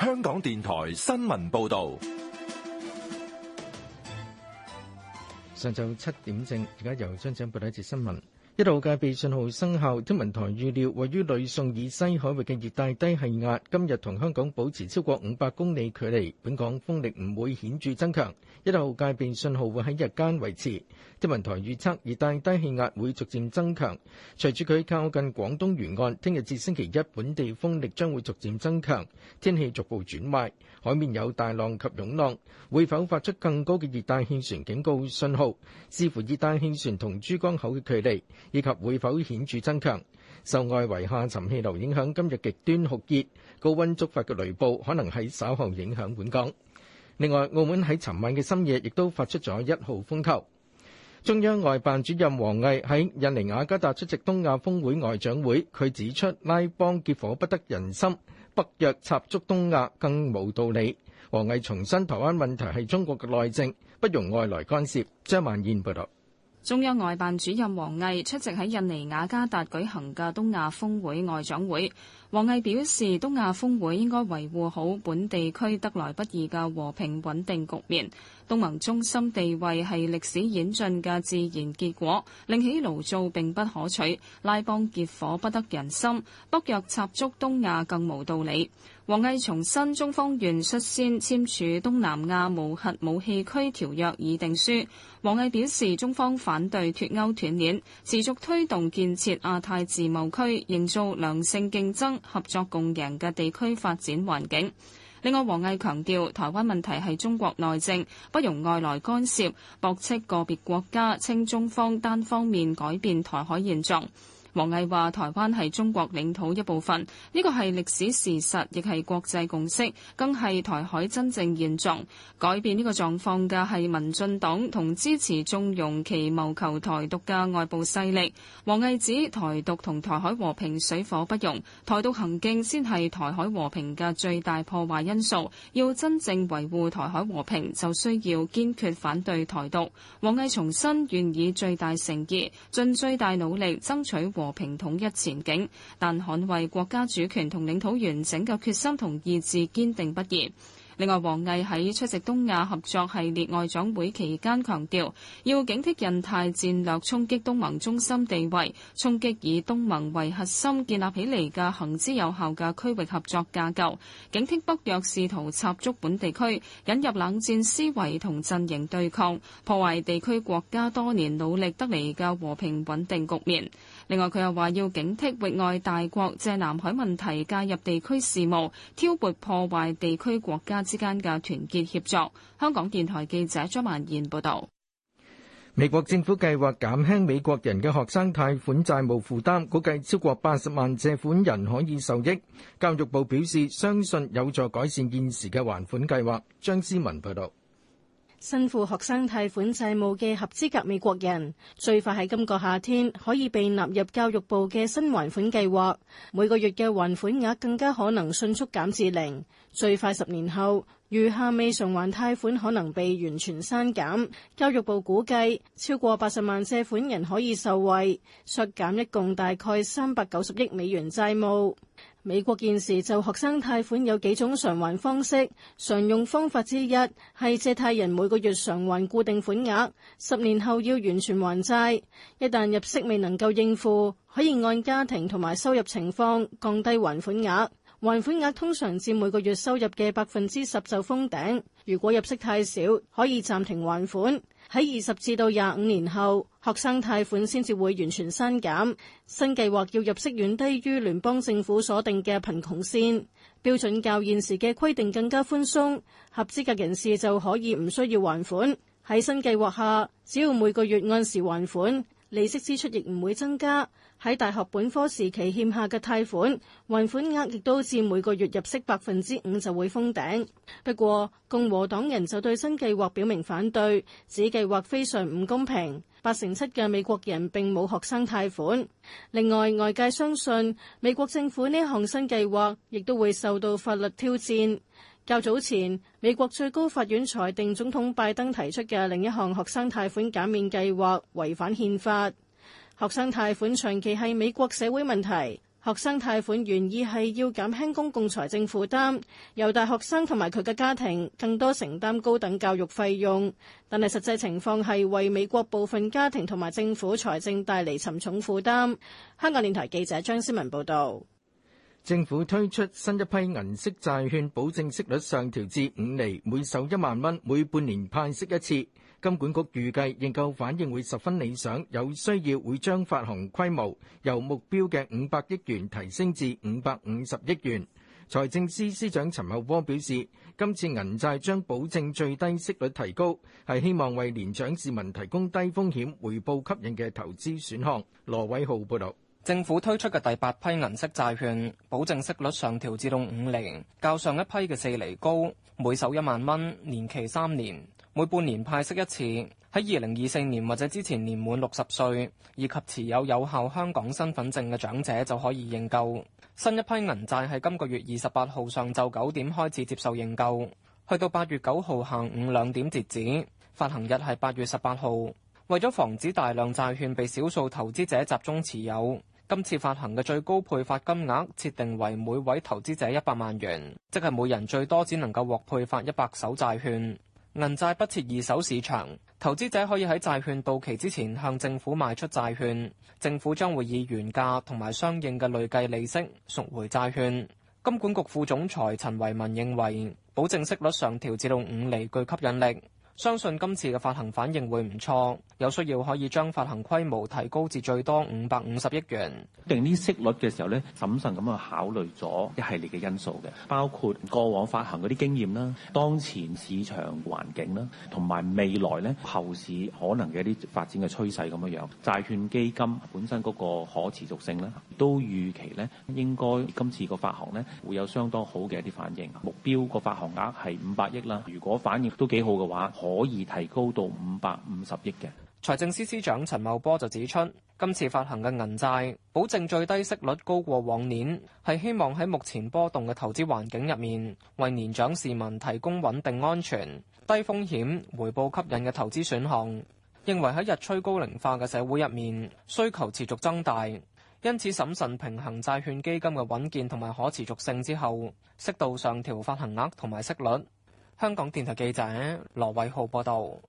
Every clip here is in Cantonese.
香港電台新聞報道。上晝七點正，而家由張展報道一節新聞。一號戒備信號生效，天文台預料位於呂宋以西海域嘅熱帶低氣壓今日同香港保持超過五百公里距離，本港風力唔會顯著增強。一號戒備信號會喺日間維持。天文台預測熱帶低氣壓會逐漸增強，隨住佢靠近廣東沿岸，聽日至星期一本地風力將會逐漸增強，天氣逐步轉壞，海面有大浪及湧浪。會否發出更高嘅熱帶氣旋警告信號，視乎熱帶氣旋同珠江口嘅距離。以及會否顯著增強？受外圍下沉氣流影響，今日極端酷熱，高溫觸發嘅雷暴可能喺稍後影響本港。另外，澳門喺尋晚嘅深夜亦都發出咗一號風球。中央外辦主任王毅喺印尼雅加達出席東亞峰會外長會，佢指出拉幫結夥不得人心，北約插足東亞更冇道理。王毅重申台灣問題係中國嘅內政，不容外來干涉。張萬燕報導。中央外辦主任王毅出席喺印尼雅加達舉行嘅東亞峰會外長會。王毅表示，東亞峰會應該維護好本地區得來不易嘅和平穩定局面。東盟中心地位係歷史演進嘅自然結果，另起爐灶並不可取，拉幫結夥不得人心，北約插足東亞更無道理。王毅重申中方願率先簽署東南亞無核武器區條約議定書。王毅表示，中方反對脫歐斷鏈，持續推動建設亞太自貿區，營造良性競爭、合作共贏嘅地區發展環境。另外，王毅強調，台灣問題係中國內政，不容外來干涉，駁斥個別國家，稱中方單方面改變台海現狀。王毅話：台灣係中國領土一部分，呢個係歷史事實，亦係國際共識，更係台海真正現狀。改變呢個狀況嘅係民進黨同支持縱容其謀求台獨嘅外部勢力。王毅指台獨同台海和平水火不容，台獨行徑先係台海和平嘅最大破壞因素。要真正維護台海和平，就需要堅決反對台獨。王毅重申願以最大誠意，盡最大努力爭取和平統一前景，但捍衛國家主權同領土完整嘅決心同意志堅定不移。另外，王毅喺出席東亞合作系列外長會期間強調，要警惕印太戰略衝擊東盟中心地位，衝擊以東盟為核心建立起嚟嘅行之有效嘅區域合作架構，警惕北約試圖插足本地區，引入冷戰思維同陣營對抗，破壞地區國家多年努力得嚟嘅和平穩定局面。另外，佢又話要警惕域外大國借南海問題介入地區事務，挑撥破壞地區國家。之間嘅團結協作。香港電台記者張萬燕報道。美國政府計劃減輕美國人嘅學生貸款債務負擔，估計超過八十萬借款人可以受益。教育部表示，相信有助改善現時嘅還款計劃。張思文報道。身負學生貸款債務嘅合資格美國人最快喺今個夏天可以被納入教育部嘅新還款計劃，每個月嘅還款額更加可能迅速減至零，最快十年後餘下未償還貸款可能被完全刪減。教育部估計超過八十萬借款人可以受惠，削減一共大概三百九十億美元債務。美國現時就學生貸款有幾種償還方式，常用方法之一係借貸人每個月償還固定款額，十年後要完全還債。一旦入息未能夠應付，可以按家庭同埋收入情況降低還款額。還款額通常佔每個月收入嘅百分之十就封頂。如果入息太少，可以暫停還款。喺二十至到廿五年後，學生貸款先至會完全刪減。新計劃要入息遠低於聯邦政府所定嘅貧窮線標準，較現時嘅規定更加寬鬆。合資格人士就可以唔需要還款。喺新計劃下，只要每個月按時還款，利息支出亦唔會增加。喺大學本科時期欠下嘅貸款，還款額亦都佔每個月入息百分之五就會封頂。不過共和黨人就對新計劃表明反對，指計劃非常唔公平。八成七嘅美國人並冇學生貸款。另外，外界相信美國政府呢項新計劃亦都會受到法律挑戰。較早前，美國最高法院裁定總統拜登提出嘅另一項學生貸款減免計劃違反憲法。學生貸款長期係美國社會問題。學生貸款原意係要減輕公共財政負擔，由大學生同埋佢嘅家庭更多承擔高等教育費用。但係實際情況係為美國部分家庭同埋政府財政帶嚟沉重負擔。香港電台記者張思文報道，政府推出新一批銀色債券，保證息率上調至五厘，每手一萬蚊，每半年派息一次。金管局預計認購反應會十分理想，有需要會將發行規模由目標嘅五百億元提升至五百五十億元。財政司司長陳茂波表示，今次銀債將保證最低息率提高，係希望為年長市民提供低風險回報吸引嘅投資選項。羅偉浩報道，政府推出嘅第八批銀色債券保證息率上調至到五厘，較上一批嘅四厘高，每手一萬蚊，年期三年，每半年派息一次，喺二零二四年或者之前年滿六十歲，以及持有有效香港身份證嘅長者就可以認購。新一批銀債係今個月二十八號上晝九點開始接受認購，去到八月九號下午兩點截止。發行日係八月十八號。為咗防止大量債券被少數投資者集中持有，今次發行嘅最高配發金額設定為每位投資者一百萬元，即係每人最多只能夠獲配發一百手債券。銀債不設二手市場，投資者可以喺債券到期之前向政府賣出債券，政府將會以原價同埋相應嘅累計利息贖回債券。金管局副總裁陳維民認為，保證息率上調至到五厘具吸引力。相信今次嘅發行反應會唔錯，有需要可以將發行規模提高至最多五百五十億元。定啲息率嘅時候咧，審慎咁去考慮咗一系列嘅因素嘅，包括過往發行嗰啲經驗啦、當前市場環境啦，同埋未來咧後市可能嘅一啲發展嘅趨勢咁樣樣。債券基金本身嗰個可持續性啦，都預期咧應該今次個發行咧會有相當好嘅一啲反應。目標個發行額係五百億啦，如果反應都幾好嘅話。可以提高到五百五十億嘅。財政司司長陳茂波就指出，今次發行嘅銀債保證最低息率高過往年，係希望喺目前波動嘅投資環境入面，為年長市民提供穩定、安全、低風險、回報吸引嘅投資選項，認為喺日趨高齡化嘅社會入面，需求持續增大，因此審慎平衡債券基金嘅穩健同埋可持續性之後適度上調發行額同埋息率。香港電台記者羅偉浩報道。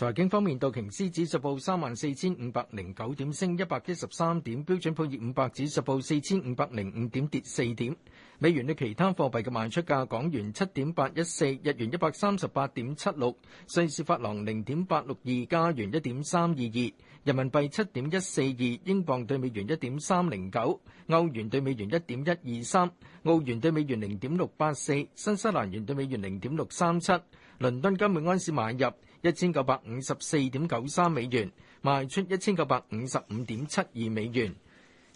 財經方面，道瓊斯指數報三萬四千五百零九點，升一百一十三點；標準普爾五百指數報四千五百零五點，跌四點。美元對其他貨幣嘅賣出價：港元七點八一四，日元一百三十八點七六，瑞士法郎零點八六二，加元一點三二二，人民幣七點一四二，英鎊對美元一點三零九，歐元對美元一點一二三，澳元對美元零點六八四，新西蘭元對美元零點六三七。倫敦金每安士買入。一千九百五十四點九三美元，賣出一千九百五十五點七二美元。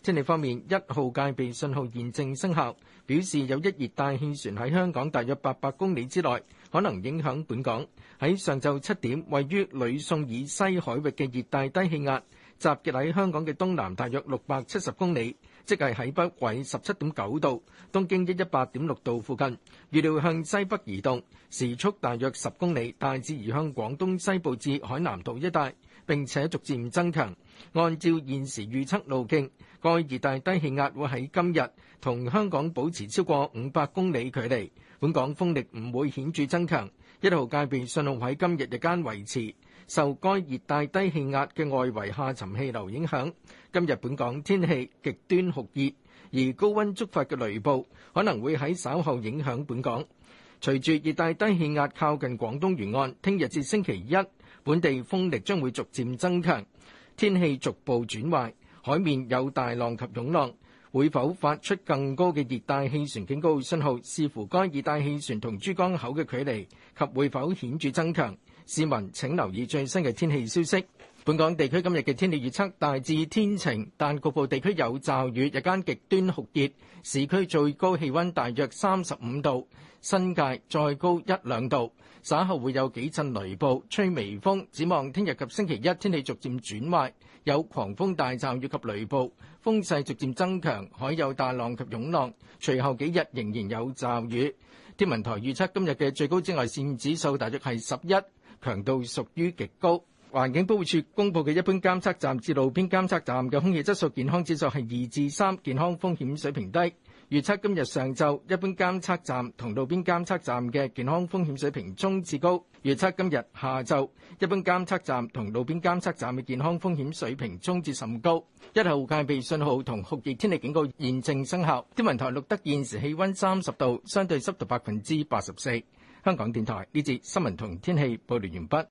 天氣方面，一號戒備信號現正生效，表示有一熱帶氣旋喺香港大約八百公里之內，可能影響本港。喺上晝七點，位於呂宋以西海域嘅熱帶低氣壓，集結喺香港嘅東南，大約六百七十公里，即係喺北緯十七點九度、東經一一八點六度附近。預料向西北移動，時速大約十公里，大致移向廣東西部至海南島一帶，並且逐漸增強。按照現時預測路徑，該熱帶低氣壓會喺今日同香港保持超過五百公里距離。本港風力唔會顯著增強，一號戒備信號喺今日日間維持。受該熱帶低氣壓嘅外圍下沉氣流影響，今日本港天氣極端酷熱，而高温觸發嘅雷暴可能會喺稍後影響本港。隨住熱帶低氣壓靠近廣東沿岸，聽日至星期一，本地風力將會逐漸增強，天氣逐步轉壞，海面有大浪及湧浪。會否發出更高嘅熱帶氣旋警告信號，視乎該熱帶氣旋同珠江口嘅距離及會否顯著增強。市民請留意最新嘅天氣消息。本港地區今日嘅天氣預測大致天晴，但局部地區有驟雨。日間極端酷熱，市區最高氣温大約三十五度，新界再高一兩度。稍後會有幾陣雷暴，吹微風。展望聽日及星期一天氣逐漸轉壞，有狂風、大驟雨及雷暴，風勢逐漸增強，海有大浪及湧浪。隨後幾日仍然有驟雨。天文台預測今日嘅最高紫外線指數大約係十一。強度屬於極高。環境保護署公布嘅一般監測站至路邊監測站嘅空氣質素健康指數係二至三，健康風險水平低。預測今日上晝一般監測站同路邊監測站嘅健康風險水平中至高。預測今日下晝一般監測站同路邊監測站嘅健康風險水平中至甚高。一號戒備信號同酷熱天氣警告現正生效。天文台錄得現時氣温三十度，相對濕度百分之八十四。香港電台呢節新聞同天氣報道完畢。